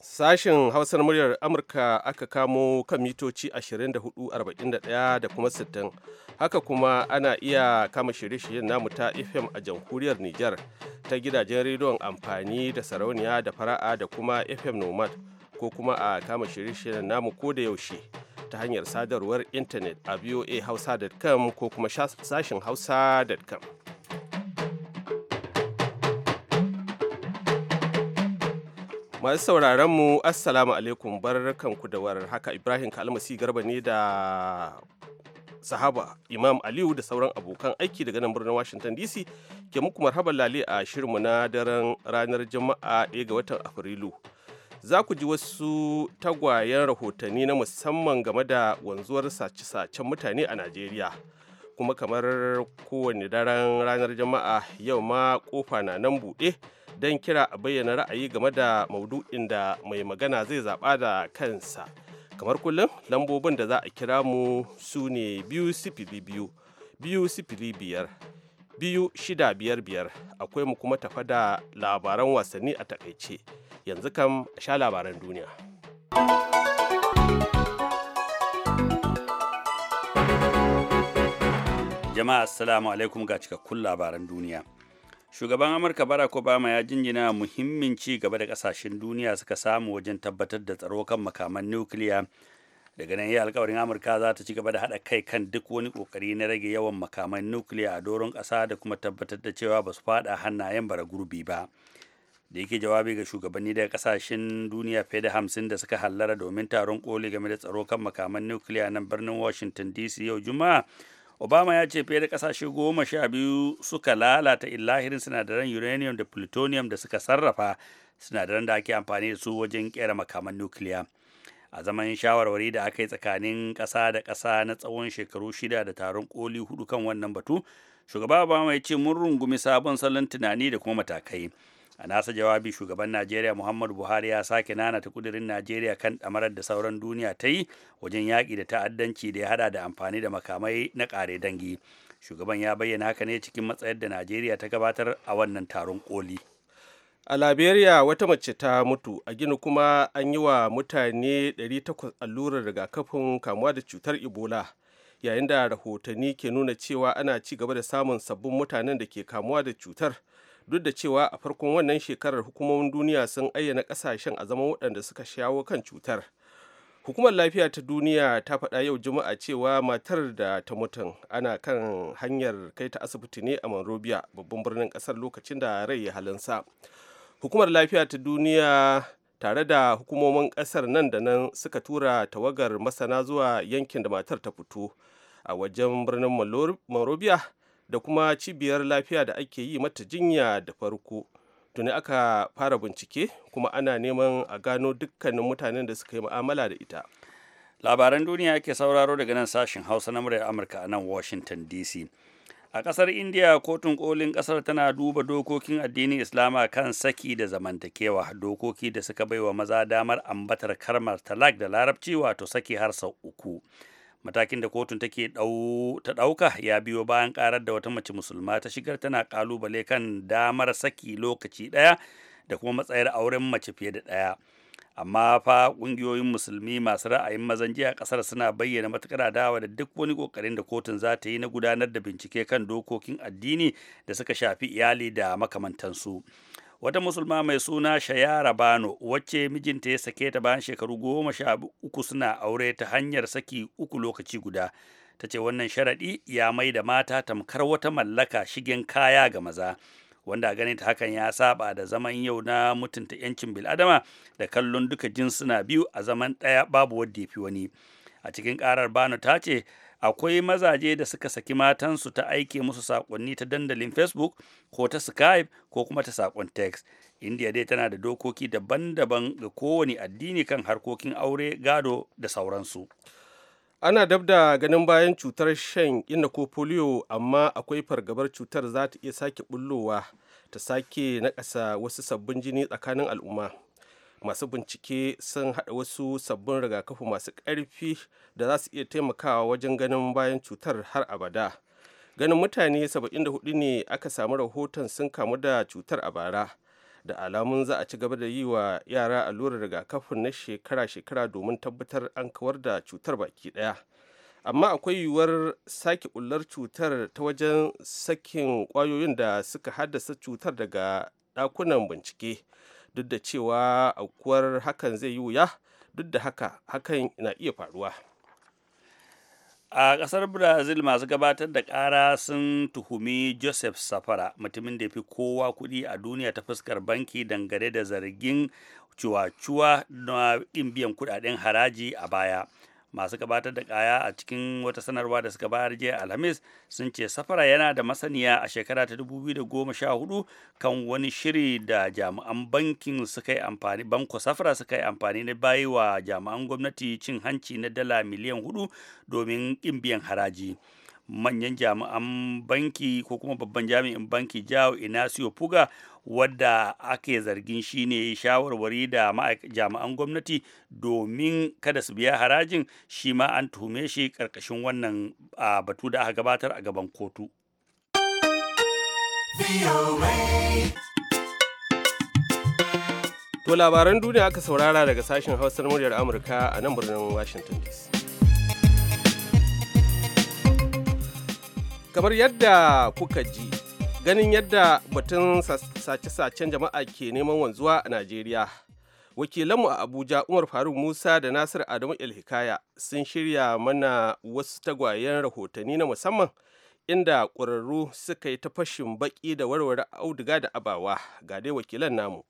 Sashen Hausar muryar Amurka aka kamo kan mitoci 24,41 da kuma 60. Haka kuma ana iya kama shirye-shiryen namu ta FM a jamhuriyar Nijar ta gidajen rediyon amfani da sarauniya da fara'a da kuma FM Nomad ko kuma a kama shirye-shiryen namu ko da yaushe ta hanyar sadarwar intanet a voahausa.com ko kuma sashin hausa.com. masu sauraron mu assalamu alaikum barkanku da war haka ibrahim kalmasi garba ne da sahaba imam aliyu da sauran abokan aiki daga nan birnin washington dc ke muku marhaban lale a shirin na daren ranar juma'a 1 ga watan afrilu za ku ji wasu tagwayen rahotanni na musamman game da wanzuwar sace-sacen mutane a najeriya kuma kamar kowane daren ranar jama'a yau ma kofa na nan buɗe don kira a bayyana ra'ayi game da maudu'in da mai magana zai zaɓa da kansa kamar kullum lambobin da za a kira mu su ne biyu sifili biyu biyu sifili biyar biyu shida biyar biyar akwai mu kuma tafa da labaran wasanni a takaice yanzu kam sha labaran duniya jama'a assalamu alaikum ga cikakkun labaran duniya shugaban amurka barack obama ya jinjina muhimmin ci gaba da kasashen duniya suka samu wajen tabbatar da tsaro kan makaman nukiliya daga nan yi alkawarin amurka za ta ci gaba da haɗa kai kan duk wani kokari na rage yawan makaman nukiliya a doron kasa da kuma tabbatar da cewa ba su faɗa hannayen bara gurbi ba da yake jawabi ga shugabanni daga kasashen duniya fiye da hamsin da suka hallara domin taron koli game da tsaro kan makaman nukiliya nan birnin washington dc yau juma'a obama ya ce fiye da kasashe goma sha biyu suka lalata illahirin sinadaran uranium da plutonium da suka sarrafa sinadaran da ake amfani da su wajen kera makaman nukiliya a zaman shawarwari da aka yi tsakanin ƙasa da ƙasa na tsawon shekaru shida da taron koli hudu kan wannan batu shugaba obama ya ce mun rungumi sabon salon tunani da kuma matakai a nasa jawabi shugaban najeriya muhammadu buhari ya sake nana ta kudirin najeriya kan ɗamarar da sauran duniya ta yi wajen yaƙi da ta'addanci da ya hada da amfani da makamai na ƙare dangi shugaban ya bayyana haka ne cikin matsayar da najeriya ta gabatar a wannan taron koli. a liberia wata mace ta mutu a gini kuma an yi wa mutane 800 allurar rigakafin kamuwa da cutar ebola yayin da rahotanni ke nuna cewa ana ci gaba da samun sabbin mutanen da ke kamuwa da cutar duk da cewa a farkon wannan shekarar hukumomin duniya sun ayyana kasashen a zaman waɗanda suka shawo kan cutar hukumar lafiya ta duniya ta faɗa yau juma'a cewa matar da ta mutum ana kan hanyar kai ta asibiti ne a monrovia babban birnin ƙasar lokacin da rai ya halinsa hukumar lafiya ta duniya tare da hukumomin kasar nan da nan suka tura tawagar masana zuwa yankin da matar ta fito a wajen birnin monrovia da kuma cibiyar lafiya da ake yi mata jinya da farko tuni aka fara bincike kuma ana neman a gano dukkanin mutanen da suka yi mu'amala da ita labaran duniya ke sauraro daga nan sashen hausa na muryar amurka a nan washington dc A ƙasar India, kotun ƙolin ƙasar tana duba dokokin addinin Islama kan saki da zamantakewa, dokoki da suka baiwa maza damar ambatar karmar talak da larabci wato saki har sau uku. Matakin da kotun take ta ɗauka ya biyo bayan ƙarar da wata mace musulma ta shigar tana ƙalubale kan damar saki lokaci ɗaya da kuma matsayar auren mace fiye da ɗaya. amma fa ƙungiyoyin musulmi masu ra'ayin mazan jiya ƙasar suna bayyana matukar adawa da duk wani kokarin da kotun za ta yi na gudanar da bincike kan dokokin addini da suka shafi iyali da makamantansu wata musulma mai suna shayara bano wacce mijinta ya sake ta bayan shekaru goma sha uku suna aure ta hanyar saki uku lokaci guda ta ce wannan sharaɗi ya mai da mata tamkar wata mallaka shigen kaya ga maza wanda ganin ta hakan ya saba da zaman yau na mutunta 'yancin bil'adama da kallon duka jinsuna biyu a zaman ɗaya babu wadda ya fi wani a cikin ƙarar bano ta ce akwai mazaje da suka saki matansu ta aike musu saƙonni ta dandalin facebook ko ta skype ko kuma ta saƙon text india dai tana da dokoki daban-daban ga kowane addini kan harkokin aure gado da sauransu ana dab da ganin bayan cutar shan inda ko polio amma akwai fargabar cutar za ta iya sake bullowa ta sake nakasa wasu sabbin jini tsakanin al'umma masu bincike sun haɗa wasu sabbin rigakafi masu ƙarfi da za su iya taimakawa wajen ganin bayan cutar har abada ganin mutane 74 ne aka samu rahoton sun kamu da cutar a bara da alamun za a ci gaba da yi wa yara allurar rigakafin na shekara-shekara domin tabbatar an kawar da cutar baki daya amma akwai yiwuwar sake bullar cutar ta wajen sakin kwayoyin da suka haddasa cutar daga dakunan bincike duk da cewa akwai hakan zai yi wuya duk da haka hakan na iya faruwa. a ƙasar brazil masu gabatar da ƙara sun tuhumi joseph safara mutumin da fi kowa kuɗi a duniya ta fuskar banki dangane da zargin cuwa-cuwa na biyan kuɗaɗen haraji a baya masu gabatar da kaya a cikin wata sanarwa da suka bayar jiya alhamis sun ce safara yana da masaniya a shekara ta 2014 kan wani shiri da jami'an bankin suka yi amfani banko safara suka yi amfani na bayi wa jami'an gwamnati cin hanci na dala miliyan hudu domin ƙin haraji manyan jami'an banki ko kuma babban jami'in banki jao siyo puga wadda ake zargin shine shawarwari da jami'an gwamnati domin kada su biya harajin shi ma an tuhume shi karkashin wannan batu da aka gabatar a gaban kotu To labaran duniya aka saurara daga sashen hausar muryar Amurka a nan birnin Washington DC. Kamar yadda kuka ji ganin yadda batun sace-sacen jama'a ke neman wanzuwa a najeriya wakilanmu a abuja umar faruk musa da nasir adamu ilhikaya sun shirya mana wasu tagwayen rahotanni na musamman inda ƙwararru suka yi ta fashin baƙi da warware auduga da abawa ga dai wakilan namu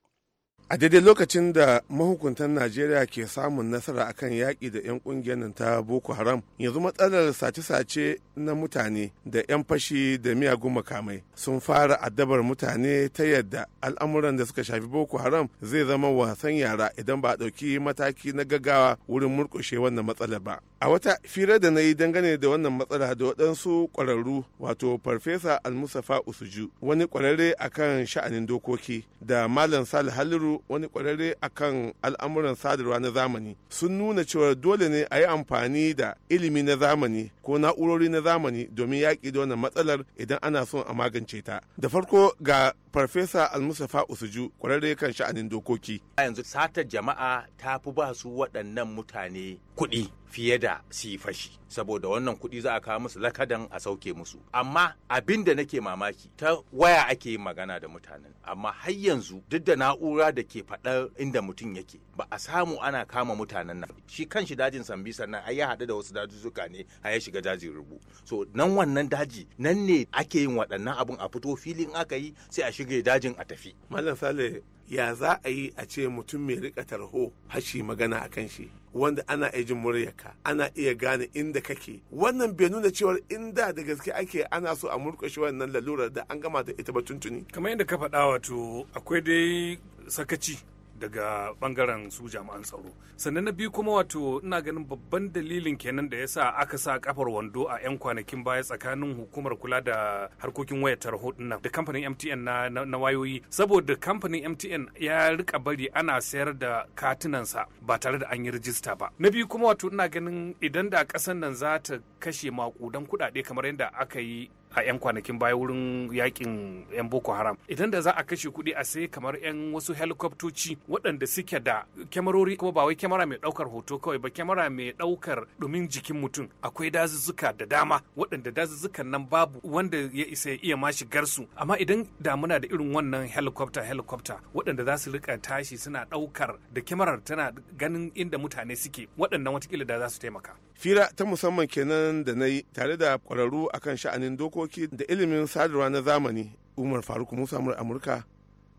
a daidai lokacin da mahukuntan najeriya ke samun nasara akan yaƙi da 'yan ƙungiyar nan ta boko haram yanzu matsalar sace-sace na mutane da 'yan fashi da miyagun makamai sun fara addabar mutane ta yadda al'amuran da suka shafi boko haram zai zama wasan yara idan ba a ɗauki mataki na gaggawa wurin murƙushe wannan matsalar ba a wata fira da na yi dangane da wannan matsala da waɗansu ƙwararru wato farfesa almusafa usuju wani ƙwararre akan sha'anin dokoki da malam salih haliru wani kwararre akan al'amuran sadarwa na zamani sun nuna cewa dole ne a yi amfani da ilimi na zamani ko na'urori na zamani domin yaƙi da wannan matsalar idan ana son a magance ta. Da farko ga farfesa almusafa usuju kwararre kan sha'anin dokoki a yanzu satar jama'a ta fi ba su waɗannan mutane kuɗi fiye da su yi fashi saboda wannan kuɗi za a kawo musu lakadan a sauke musu amma abin da nake mamaki ta waya ake yin magana da mutanen amma har yanzu duk da na'ura da ke faɗar inda mutum yake ba a samu ana kama mutanen nan shi kan shi dajin sambi sannan ai ya haɗu da wasu dajuzzuka ne a ya shiga dajin rubu so nan wannan daji nan ne ake yin waɗannan abun a fito filin aka yi sai a shiga shige dajin a tafi malam sale ya za a yi a ce mutum mai rika tarho hashi magana a kan shi wanda ana iya jin muryarka ana iya gane inda kake wannan bai nuna cewar inda da gaske ake ana so a murkushe wannan lalurar da an gama da ita ba tuntuni kamar yadda ka faɗa wato akwai dai sakaci daga bangaren su jami'an tsaro sannan na biyu kuma wato ina ganin babban dalilin kenan da ya sa aka sa kafar wando a 'yan kwanakin baya tsakanin hukumar kula da harkokin wayar tarho nan da kamfanin mtn na, na, wayoyi saboda kamfanin mtn ya rika bari ana sayar da katunansa ba tare da an yi rijista ba na biyu kuma wato ina ganin idan da kasan nan za ta kashe makudan kuɗaɗe kamar yadda aka yi a 'yan kwanakin baya wurin yakin 'yan boko haram idan da za a kashe kuɗi a sai kamar 'yan wasu helikoptoci. waɗanda suke da kyamarori kuma ba wai kyamara mai ɗaukar hoto kawai ba kyamara mai ɗaukar ɗumin jikin mutum akwai dazuzzuka da dama waɗanda dazuzzukan nan babu wanda ya isa ya iya ma shi garsu amma idan da muna da irin wannan helikwafta helikwafta waɗanda za su rika tashi suna ɗaukar da kyamarar tana ganin inda mutane suke waɗannan watakila da za su taimaka. fira ta musamman kenan da na yi tare da ƙwararru akan sha'anin doko harkoki da ilimin sadarwa na zamani umar faruk musa amurka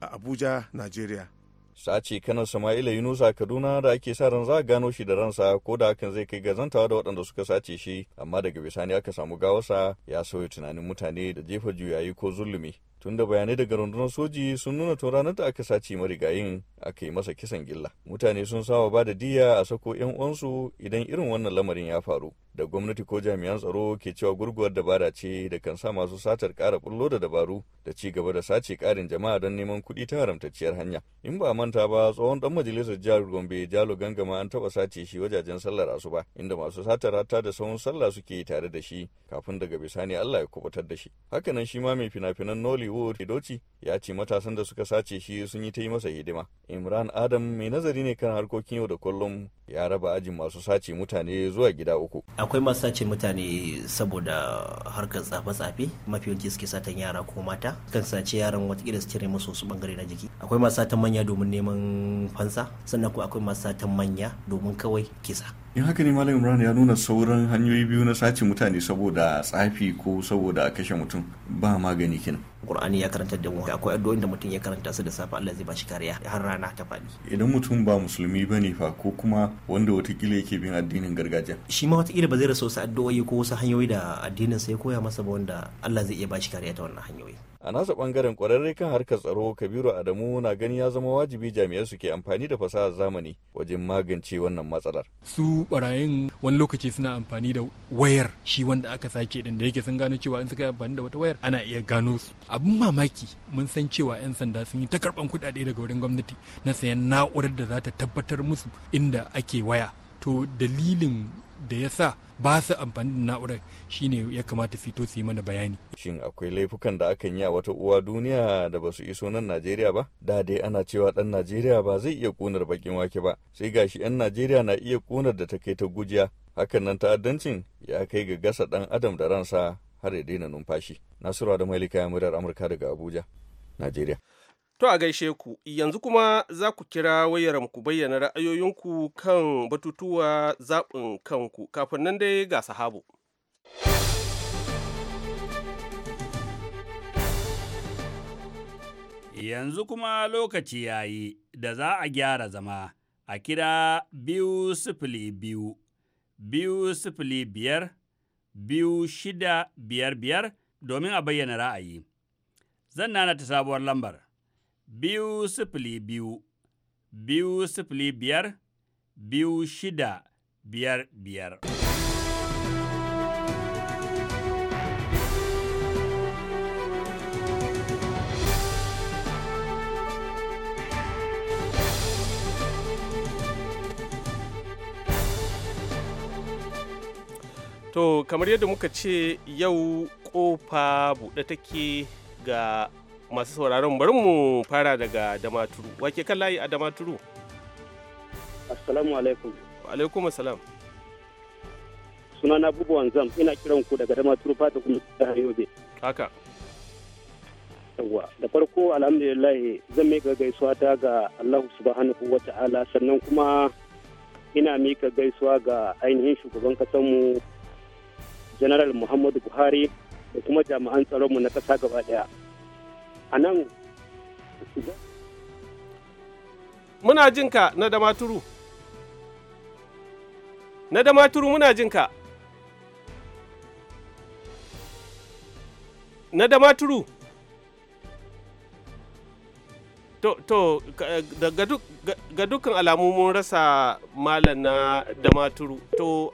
a abuja nigeria sace kanan sama'ila yunusa kaduna da ake sa ran za a gano shi da ransa ko da hakan zai kai gazantawa da waɗanda suka sace shi amma daga bisani aka samu gawarsa ya sauya tunanin mutane da jefa juyayi ko zulumi tunda bayanai daga rundunar soji sun nuna tun ranar da aka sace marigayin aka yi masa kisan gilla mutane sun sawa ba da diya a sako yan uwansu idan irin wannan lamarin ya faru da gwamnati ko jami'an tsaro ke cewa gurguwar dabara ce da kan sa masu satar kara bullo da dabaru da ci gaba da sace karin jama'a don neman kuɗi ta haramtacciyar hanya in ba manta ba tsohon dan majalisar jihar gombe jalo gangama an taɓa sace shi wajajen sallar asu ba. inda masu satar hatta da sauran sallah suke tare da shi kafin daga bisani allah ya kubutar da shi hakanan shi ma mai fina-finan nollywood doci ya ce matasan da suka sace shi sun yi ta yi masa hidima imran adam mai nazari ne kan harkokin yau da kullum ya raba ajin masu sace mutane zuwa gida uku akwai masu sace mutane saboda harkar tsafe-tsafe mafi yawanci suke satan yara ko mata kan sace yaran watakila su cire musu wasu bangare na jiki akwai masu satan manya domin neman fansa sannan kuma akwai masu satan manya domin kawai kisa in haka ne malam imran ya nuna sauran hanyoyi biyu na sace mutane saboda tsafi ko saboda a kashe mutum ba magani kenan qur'ani ya karanta da wani akwai addu'o'in da mutum ya karanta su da safe Allah zai bashi kariya har rana ta faɗi idan mutum ba musulmi bane fa ko kuma wanda watakila yake bin addinin gargajiya shi ma watakila ba zai rasa wasu addu'o'i ko wasu hanyoyi da addinin sa ya koya masa ba wanda Allah zai iya bashi kariya ta wannan hanyoyi a nasa bangaren kwararre kan harkar tsaro kabiru adamu na gani ya zama wajibi jami'ai su ke amfani da fasahar zamani wajen magance wannan matsalar su barayin wani lokaci suna amfani da wayar shi wanda aka sake din da yake sun gano cewa in suka yi amfani da wata wayar ana iya gano su abin mamaki mun san cewa yan sanda sun yi takarban kudade daga wurin gwamnati na sayan na'urar da za ta tabbatar musu inda ake waya to dalilin da ya sa ba su amfani da na'urar shine ya kamata fito su yi mana bayani shin akwai laifukan da akan yi a wata uwa duniya da ba su iso nan najeriya ba da dai ana cewa ɗan najeriya ba zai iya kunar bakin wake ba sai gashi yan najeriya na iya kunar da ta kai ta gujiya hakan nan ta'addancin ya kai ga gasa ɗan adam da ransa har ya daina numfashi nasiru da mailika ya murar amurka daga abuja najeriya To a gaishe ku, yanzu kuma za ku kira wayar ku bayyana ra'ayoyinku kan batutuwa zaɓin kanku, kafin nan dai ga sahabu. Yanzu kuma lokaci ya yi da za a gyara zama a kira biyu sifili biyu, biyu sifili biyar, biyu shida biyar biyar domin a bayyana ra'ayi. Zan nana ta sabuwar lambar. biyu sifili biyu, biyu sifili biyar, biyu shida biyar biyar. To kamar yadda muka ce yau kofa buɗe take ga masu sauraron bari mu fara daga damaturu wake kan layi a damaturu assalamu alaikum alaikum assalam na abubuwan zam ina kiran ku daga damaturu fata kuma jihar yobe haka yawwa da farko alhamdulillah zan mika gaisuwa ta ga allah subhanahu wa ta'ala sannan kuma ina mika gaisuwa ga ainihin shugaban mu general muhammadu buhari da kuma jami'an tsaronmu na kasa gaba daya a nan muna jinka na damaturu na damaturu muna jinka na damaturu to to ga dukkan alamu mun rasa malam na damaturu to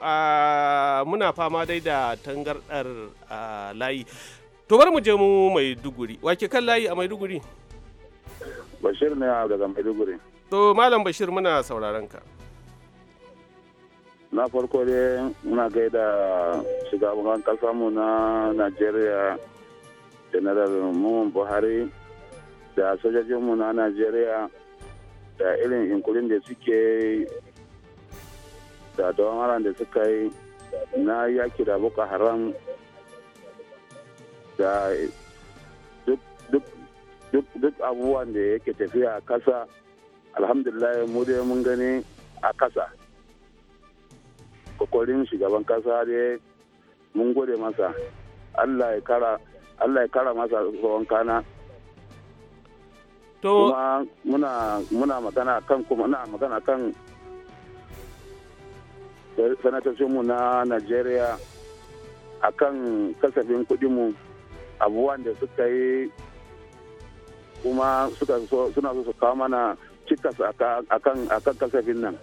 muna fama dai da tangardar layi to bari mu je mu maiduguri wake kan layi a maiduguri bashir ne daga maiduguri to malam bashir muna sauraron ka na farko dai muna gaida shugaban mu na najeriya general muhammadu buhari da sojojin mu na najeriya da irin inkulin da suke da dawan da suka yi na yaki da boko haram da duk abubuwan da yake tafiya a kasa alhamdulillah mu dai mun gani a kasa kokorin shugaban kasa dai mun gode masa allah ya kara allah ya kara masa tsohon kana to kuma muna muna magana kan kuma na magana kan sanatocinmu na a kan kasafin kudinmu abubuwan da suka yi kuma suka so suna so su kawo mana cikas akan akan kasafin nan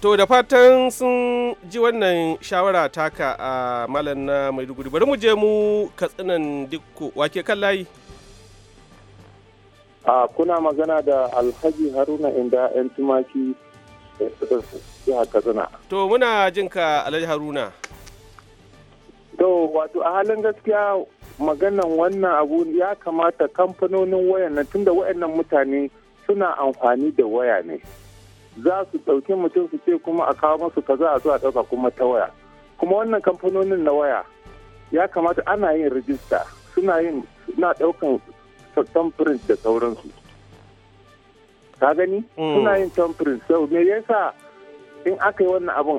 to da fatan sun ji wannan shawara taka a malam na maiduguri bari mu je mu katsinan dikko wake kan layi a kuna magana da alhaji haruna inda yan tumaki ya eh, eh, eh, katsina to muna jinka alhaji haruna To wato a halin gaskiya maganan wannan abu ya kamata kamfanonin wayan nan tunda wayannan mutane suna amfani da waya ne. Za su ɗauki mutum su ce kuma a kawo masu kaza a zo a ɗauka kuma ta waya. Kuma wannan kamfanonin na waya ya kamata ana yin rijista suna yin suna ɗaukan tamfirin da sauransu. Ka gani? Mm. Suna yin tamfirin sau me yasa in aka yi wannan abun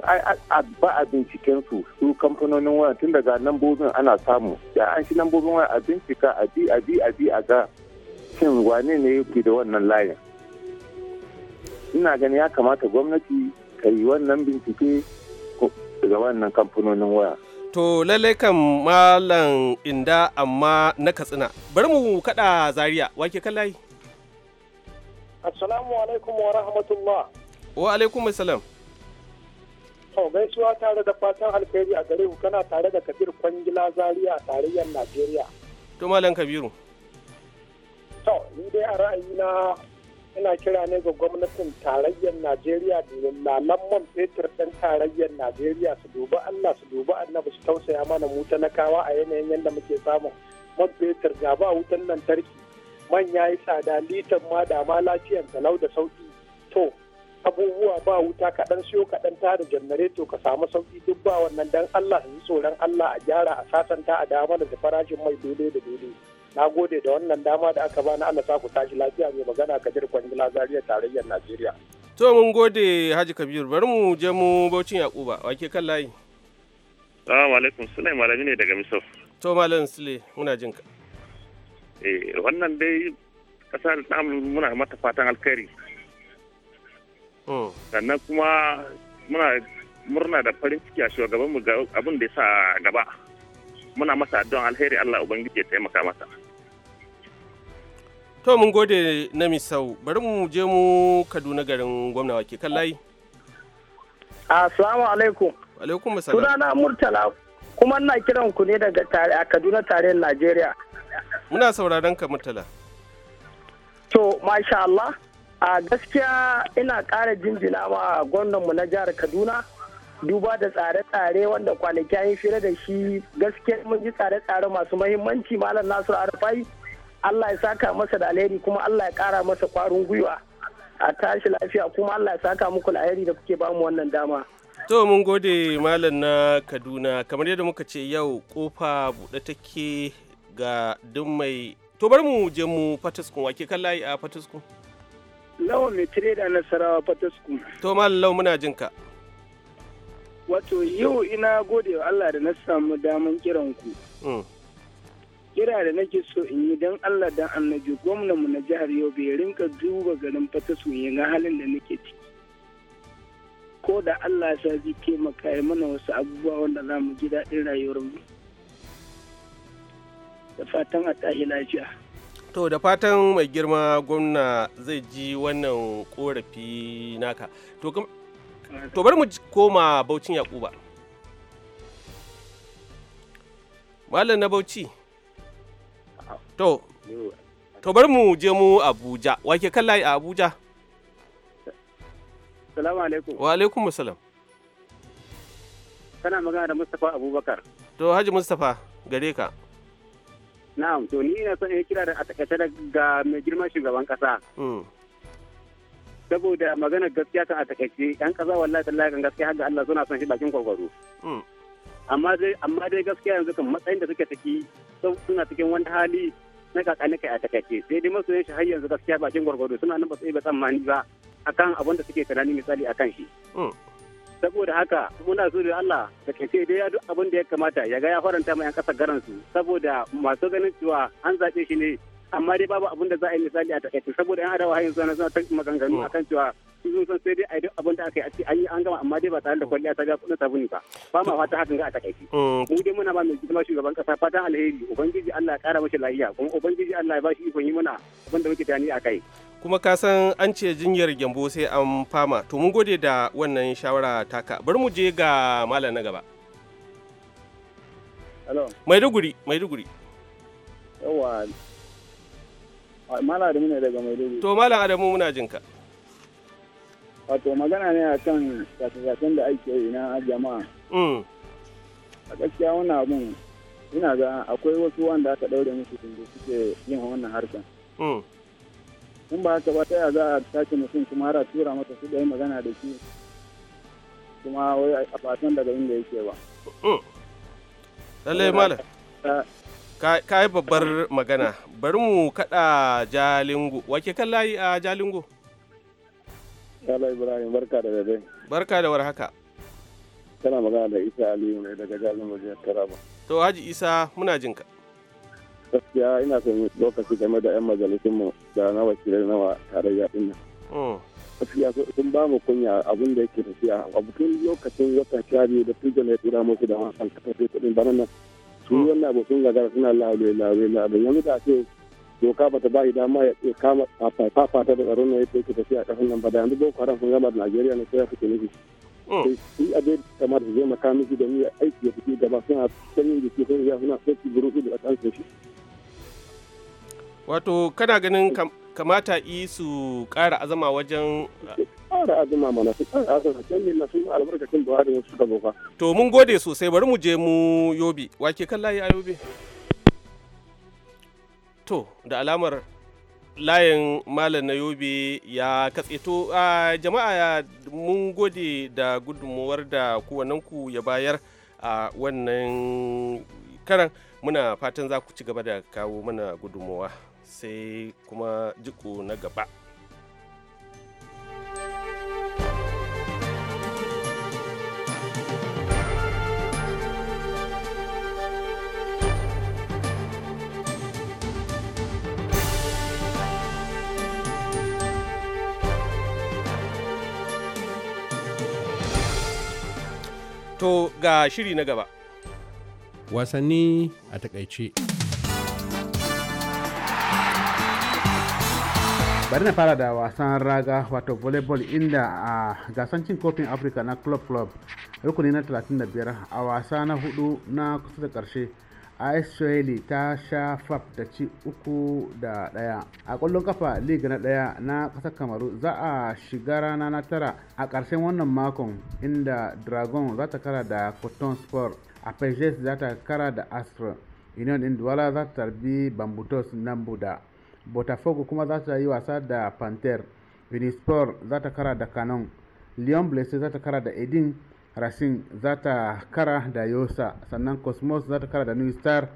ba a binciken su su kamfanonin waya tun daga lambobin ana samu da an shi lambobin waya a bincika a bi a bi a bi a ga shin wane ne yake da wannan layin ina gani ya kamata gwamnati ka yi wannan bincike daga wannan kamfanonin waya to lallai kan malam inda amma na katsina bari mu kada zaria wake kan layi assalamu alaikum wa rahmatullah wa alaikum assalam To gaisuwa tare da fatan alheri a gare ku kana tare da Kabir Kwangila Zaria a tarayyar Najeriya. To Malam Kabiru. To ni dai a ra'ayina ina kira ne ga gwamnatin tarayyar Najeriya domin lalan man fetur ɗan tarayyar Najeriya su dubi Allah su dubi annabi su tausaya mana mu talakawa a yanayin yadda muke samun man fetur ga ba wutan lantarki man ya yi tsada litan ma da ma lafiyan talau da sauki to abubuwa ba wuta kaɗan siyo kaɗan ta da janareto ka samu sauki duk ba wannan dan Allah su tsoron Allah a gyara a sasanta a dama da farashin mai dole da dole na gode da wannan dama da aka bani Allah sa ku tashi lafiya mai magana Kadir Kwangila Zaria tarayyar Najeriya to mun gode Haji Kabir bari mu je mu Baucin Yakuba wake kan layi Assalamu alaikum Sule malami ne daga Misau to malam Sule muna jin ka eh wannan dai kasar namu muna mata fatan alkhairi sannan kuma muna murna da farin ciki a shugaban ga abin da ya sa gaba muna masa don alheri Allah ubangiji ya taimaka masa to mun gode na misau bari mu je mu Kaduna garin gwamna wake kan layi assalamu alaikum alaikum assalam sunana murtala kuma ina kiran ku ne daga tare a Kaduna tarayyar Najeriya muna sauraron ka murtala to masha Allah a gaskiya ina ƙara jinjina ma mu na jihar kaduna duba da tsare-tsare wanda kwanaki an yi fira da shi gaskiya mun ji tsare-tsare masu mahimmanci malam nasiru arfai allah ya saka masa da alheri kuma allah ya kara masa kwarin gwiwa a tashi lafiya kuma allah ya saka muku alheri da kuke bamu wannan dama to mun gode malam na kaduna kamar yadda muka ce yau kofa buɗe take ga duk mai to bari mu je mu fatiskun wake kan layi a fatiskun lawa mai tireda nasarawa suku to mallau muna jinka wato yau ina gode wa Allah da na samu daman kiran ku mm. kira da nake so in yi don Allah dan annabi gwamnanmu na jihar yau bai rinka duba garin fatasku ya halin da nake ciki ko da Allah sa zai taimaka ya mana wasu abubuwa wanda za mu ji daɗin mu. da fatan a tahi lafiya to da fatan mai girma gwamna zai ji wannan korafi naka to bari mu koma baucin yakuba malam na bauchi to to bari mu je mu abuja wake kan layi a abuja salamu alaikum wa alaikum salam kana magana da mustapha abubakar to haji mustapha gare ka Na'am, to ni na son yi kira da a takaice ga mai girman shugaban kasa. Hmm. Saboda magana gaskiya kan a takaice, ‘yan kasa wallahi tallahi kan gaskiya har ga Allah suna son shi bakin kwakwaro. Hmm. Amma dai amma dai gaskiya yanzu kan matsayin da suke ciki suna cikin wani hali na kakani kai a takaice sai dai masoyan shi har yanzu gaskiya bakin gwargwado suna nan ba su iya tsammani ba akan abin da suke tunani misali akan shi. Hmm. saboda haka muna so da Allah da kace dai ya duk abin da ya kamata ya ga ya faranta ma yan kasar garan su saboda masu ganin cewa an zaɓe shi ne amma dai babu abin da za a yi misali a takaice saboda yan adawa hayin suna suna ta maganganu mm. akan cewa sun san sai dai a duk abin da aka yi a an yi an gama amma dai ba tare da kwalliya ta ga sabu ne ba ba ma fata hakan ga a takaice mm. mu dai muna ba mai girma shugaban kasa fatan alheri ubangiji Allah ya kara mashi lafiya kuma ubangiji Allah ya ba shi ikon yi mana abin da muke tani a kai kuma ka san an ce jinyar gyambo sai an fama to mun gode da wannan shawara taka bar mu je ga malam na gaba maiduguri maiduguri yawa ah, malam adamu ne daga maiduguri to malam adamu muna jinka wato magana ne a kan sace da ake yi na jama'a mm. a gaskiya wannan abun ina ga akwai wasu wanda aka daure musu tundu suke yin wannan harkan mm. in ba haka ba ta yaya za a tashi mutum kuma har a tura masa su ɗaya magana da shi kuma wai a fatan daga inda yake ba. Mm. Lallai malam. Ka yi babbar magana, bari mu kaɗa Jalingo, wake kan layi a Jalingo? Yala Ibrahim, barka da dare. Barka da haka. Kana magana da Isa Aliyu ne daga Jalingo jihar Taraba. To, Haji Isa, muna jinka. ka. gaskiya ina son lokaci game da 'yan majalisunmu da na wakilai nawa tarayya din nan. Hmm. Gaskiya sun ba mu kunya abin da yake tafiya a bikin lokacin wata sha da tujan ya tura musu da wasan kasafin kuɗin bana nan. Su hmm. wannan abu sun gagara suna labe labe labe yanzu da ce doka bata ba shi dama ya kama ta da tsaron na yadda yake tafiya a ƙasar nan ba da yanzu boko haram sun gama da Najeriya ne sai ya fice nufi. shi abin kamar da zai makamaki da ni aiki ya fito gaba suna sanyin jiki sun suna buru burutu da ƙasar shi. wato kana ganin kamata yi su ƙara azama wajen ƙara azuma mana su ƙara azama can ne masu albarkacin da wasu su boka. to mun gode sosai bari mu je mu yobe wake kan layi a yobe to da alamar layin malam na yobe ya katse to a jama'a mun gode da gudunmuwar da ku ya bayar a wannan karan muna fatan za ku ci gaba da kawo mana gudunmuwa. sai kuma jiko na gaba To ga shiri na gaba. Wasanni a takaice. bari na fara da wasan raga wato volleyball inda a gasan cin kofin afirka na club club rukuni na 35 a wasa na hudu na kusa da karshe israeli ta sha fab da ci uku da daya a kwallon kafa league na daya na kasar kamaru za a shiga rana na tara a karshen wannan makon inda dragon za ta kara da cotton sport a za ta kara da astro union induwala za ta tarbi bambutos buda. botafogo kuma za ta yi wasa da panther vinispor za ta kara da Canon, leon Blessé za ta kara da Edin, Racing za ta kara da Yosa, sannan Cosmos za ta kara da New Star,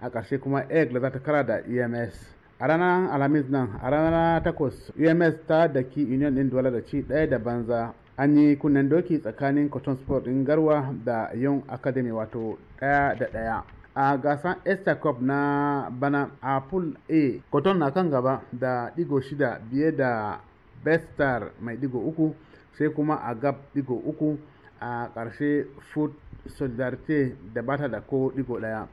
a ƙarshe kuma Eagle za ta kara da EMS. A ranar Alhamis nan, a ranar takwas, EMS ta daki Union din Duwala da ci ɗaya da banza. An yi kunnen doki tsakanin Cotton Sport ɗin Garwa da Young Academy wato ɗaya da ɗaya. a gasan Esther Cup na bana a Pool A, Cotton na kan gaba da digo shida biye da star mai digo uku, sai kuma a Gab digo uku a ƙarshe Food Solidarity da bata da ko digo ɗaya.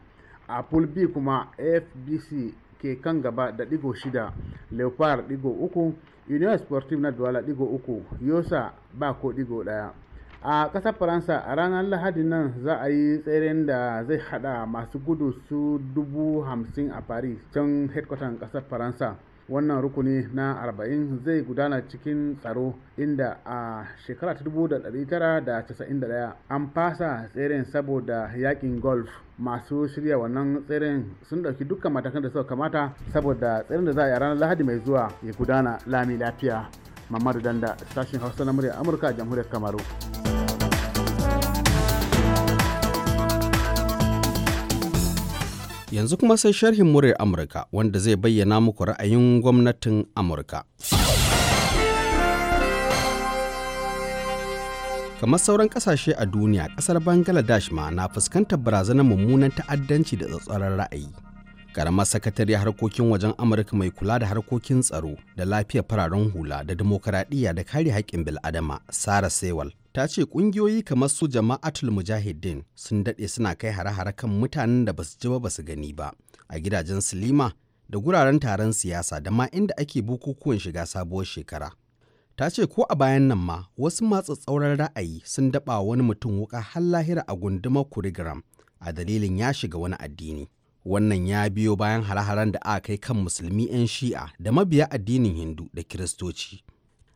A Pool B kuma FBC ke kan gaba da digo shida, Leopard digo uku, Union Sportive na duwala digo uku, Yosa ba ko digo daya a ƙasar faransa a ranar lahadi nan za a yi tseren da zai hada masu gudu su dubu hamsin a paris can headquarter ƙasar faransa wannan rukuni na 40 zai gudana cikin tsaro inda a shekara 1991 an fasa tseren saboda yakin golf masu shirya wannan tseren sun dauki dukkan matakan da suka kamata saboda tseren da za a yi ranar lahadi mai zuwa ya gudana lami lafiya mamadu danda sashen hausa na murya amurka jamhuriyar kamaru Yanzu kuma sai sharhin muryar Amurka wanda zai bayyana muku ra'ayin gwamnatin Amurka. Kamar sauran kasashe a duniya, ƙasar Bangladesh ma na fuskantar barazanar mummunan ta'addanci da tsatsarar ra'ayi. Karamar sakatare harkokin wajen Amurka mai kula da harkokin tsaro da lafiyar fararen hula da dimokuraɗiyya da kare haƙƙin bil'adama, Sara Sewal, ta ce ƙungiyoyi kamar su jama'atul mujahidin sun daɗe suna kai hare-hare kan mutanen da basu ji ba basu gani ba a gidajen silima da guraren taron siyasa da ma inda ake bukukuwan shiga sabuwar shekara ta ce ko a bayan nan ma wasu matsa tsauran ra'ayi sun daɓa wani mutum wuka har lahira a gundumar kurigram a dalilin ya shiga wani addini wannan ya biyo bayan hare-haren da aka kai kan musulmi 'yan shi'a da mabiya addinin hindu da kiristoci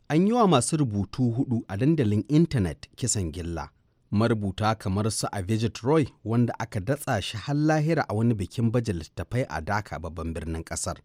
an yi wa masu rubutu hudu a dandalin intanet kisan gilla marubuta kamar su a avijit roy wanda aka datsa shi har lahira a wani bikin baje littattafai a daka babban birnin kasar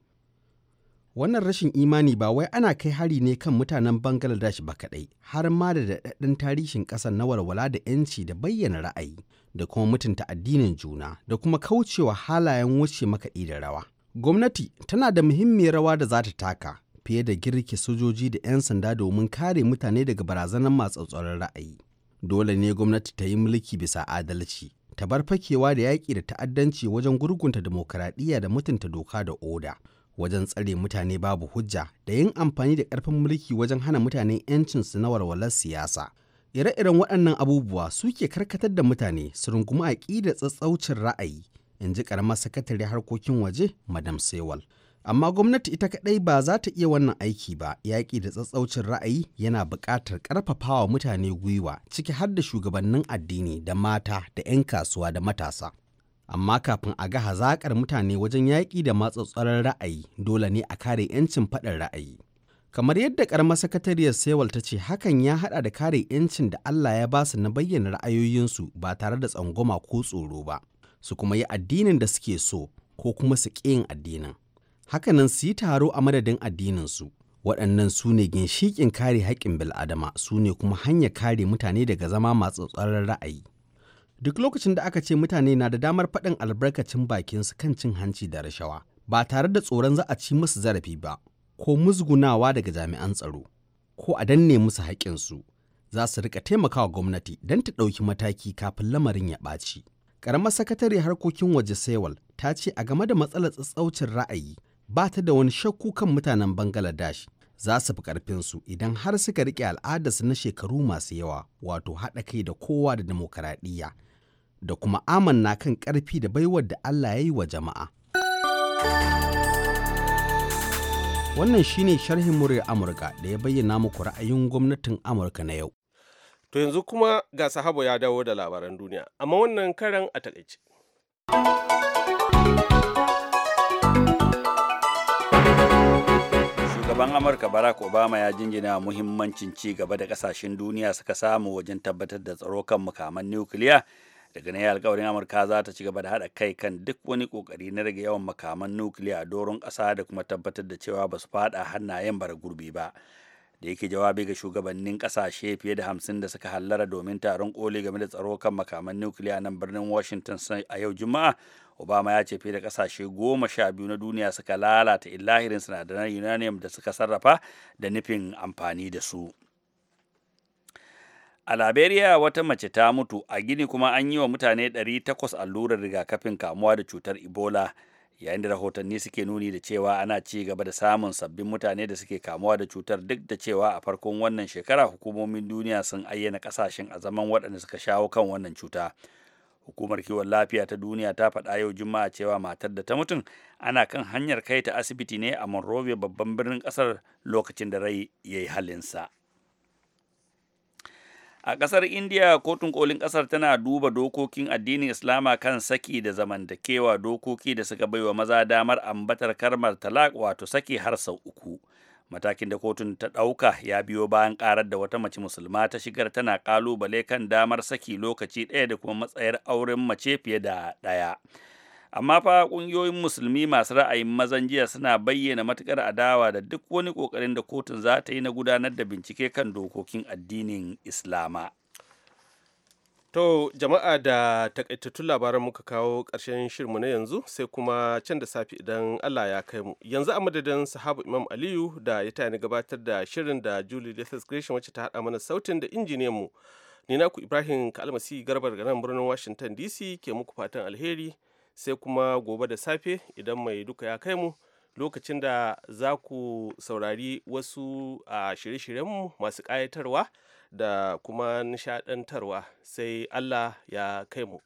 wannan rashin imani ba wai ana kai hari ne kan mutanen bangladesh ba kaɗai har ma da daɗaɗɗen tarihin ƙasar na walwala da 'yanci da bayyana ra'ayi da kuma mutunta addinin juna da kuma kaucewa halayen wuce makaɗi da rawa gwamnati tana da muhimmiyar rawa da za ta taka fiye da girki sojoji da 'yan sanda domin kare mutane daga barazanar masu tsoron ra'ayi. Dole ne gwamnati ta yi mulki bisa adalci, ta bar fakewa da yaƙi da ta'addanci wajen gurgunta dimokuraɗiyya da mutunta doka da oda, wajen tsare mutane babu hujja da yin amfani da ƙarfin mulki wajen hana mutane su na walwalar siyasa. Ire-iren waɗannan abubuwa suke karkatar da mutane su rungumi aƙidar tsatsaucin ra'ayi, in ji ƙaramar sakatare harkokin waje Madam Sewal. Amma gwamnati ita kaɗai ba za ta iya wannan aiki ba, yaƙi da tsatsaucin ra'ayi yana buƙatar ƙarfafawa mutane gwiwa ciki har da shugabannin addini da mata da 'yan kasuwa da matasa. Amma kafin a ga hazaƙar mutane wajen yaƙi da matsatsarar ra'ayi dole ne a kare 'yancin faɗin ra'ayi. Kamar yadda ƙaramar sakatariyar Sewal ta ce hakan ya haɗa da kare 'yancin da Allah ya basu na bayyana ra'ayoyinsu ba tare da tsangwama ko tsoro ba, su kuma yi addinin da suke so ko kuma su ƙi yin addinin. hakanan su yi taro a madadin addininsu waɗannan su ne ginshiƙin kare haƙƙin bil'adama su ne kuma hanya kare mutane daga zama masu tsararren ra'ayi duk lokacin da aka ce mutane na da damar faɗin albarkacin su kan cin hanci da rashawa ba tare da tsoron za a ci musu zarafi ba ko musgunawa daga jami'an tsaro ko a danne musu haƙƙinsu za su rika taimakawa gwamnati don ta ɗauki mataki kafin lamarin ya ɓaci. Ƙaramar sakatare harkokin waje Sewal ta ce a game da matsalar tsatsaucin ra'ayi ba ta da wani shakku kan mutanen Bangaladesh za su fi ƙarfinsu idan har suka riƙe al'adarsu na shekaru masu yawa wato haɗa kai da kowa da demokaradiyya da kuma amanna kan ƙarfi da baiwar da Allah ya yi wa jama'a. Wannan shine sharhin muryar Amurka da ya bayyana muku ra'ayin gwamnatin Amurka na yau. To yanzu kuma ga sahabo ya dawo da labaran duniya, amma wannan karan a taƙaice. shugaban amurka barack obama ya jinjina muhimmancin ci gaba da kasashen duniya suka samu wajen tabbatar da tsaro kan mukaman nukiliya daga nan alkawarin amurka za ta ci gaba da haɗa kai kan duk wani kokari na rage yawan makaman nukiliya a doron ƙasa da kuma tabbatar da cewa ba su faɗa hannayen bara gurbi ba da yake jawabi ga shugabannin ƙasashe fiye da hamsin da suka hallara domin taron koli game da tsaro kan makaman nukiliya nan birnin washington a yau juma'a obama ya ce fiye da kasashe goma sha biyu na duniya suka lalata illahirin sinadaran uranium da suka sarrafa da nufin amfani da su a liberia wata mace ta mutu a gini kuma an yi wa mutane 800 allurar rigakafin kamuwa da cutar ebola yayin da rahotanni suke nuni da cewa ana ci gaba da samun sabbin mutane da suke kamuwa da cutar duk da cewa a farkon wannan shekara hukumomin duniya sun ayyana kasashen a zaman waɗanda suka shawo kan wannan cuta. hukumar kiwon lafiya ta duniya ta faɗa yau juma'a cewa matar da ta mutum ana kan hanyar kai ta asibiti ne a monrovia babban birnin ƙasar lokacin da rai ya yi halinsa a ƙasar india kotun kolin ƙasar tana duba dokokin addinin islama kan saki da zamantakewa dokoki da suka baiwa maza damar ambatar karmar talak wato saki har sau uku matakin da kotun ta ɗauka ya biyo bayan ƙarar da wata mace musulma ta shigar tana ƙalubale kan damar saki lokaci ɗaya da kuma matsayar auren mace fiye da ɗaya amma fa ƙungiyoyin musulmi masu ra'ayin mazan jiya suna bayyana matuƙar adawa da duk wani ƙoƙarin da kotun za ta yi na gudanar da bincike kan dokokin addinin islama To jama'a da takaitattun labaran muka kawo ƙarshen shirmu na yanzu sai kuma can da safi idan Allah ya kai mu. Yanzu a madadin sahabu Imam Aliyu da ya tayani gabatar da shirin da Julie Lathis Gresham wacce ta haɗa mana sautin da injiniyan mu. Ni naku Ibrahim Kalmasi Garbar ga birnin Washington DC ke muku fatan alheri sai kuma gobe da safe idan mai duka ya kai mu lokacin da za ku saurari wasu a ah, shirye-shiryenmu masu ƙayatarwa. da kuma nishadantarwa sai Allah ya kai mu.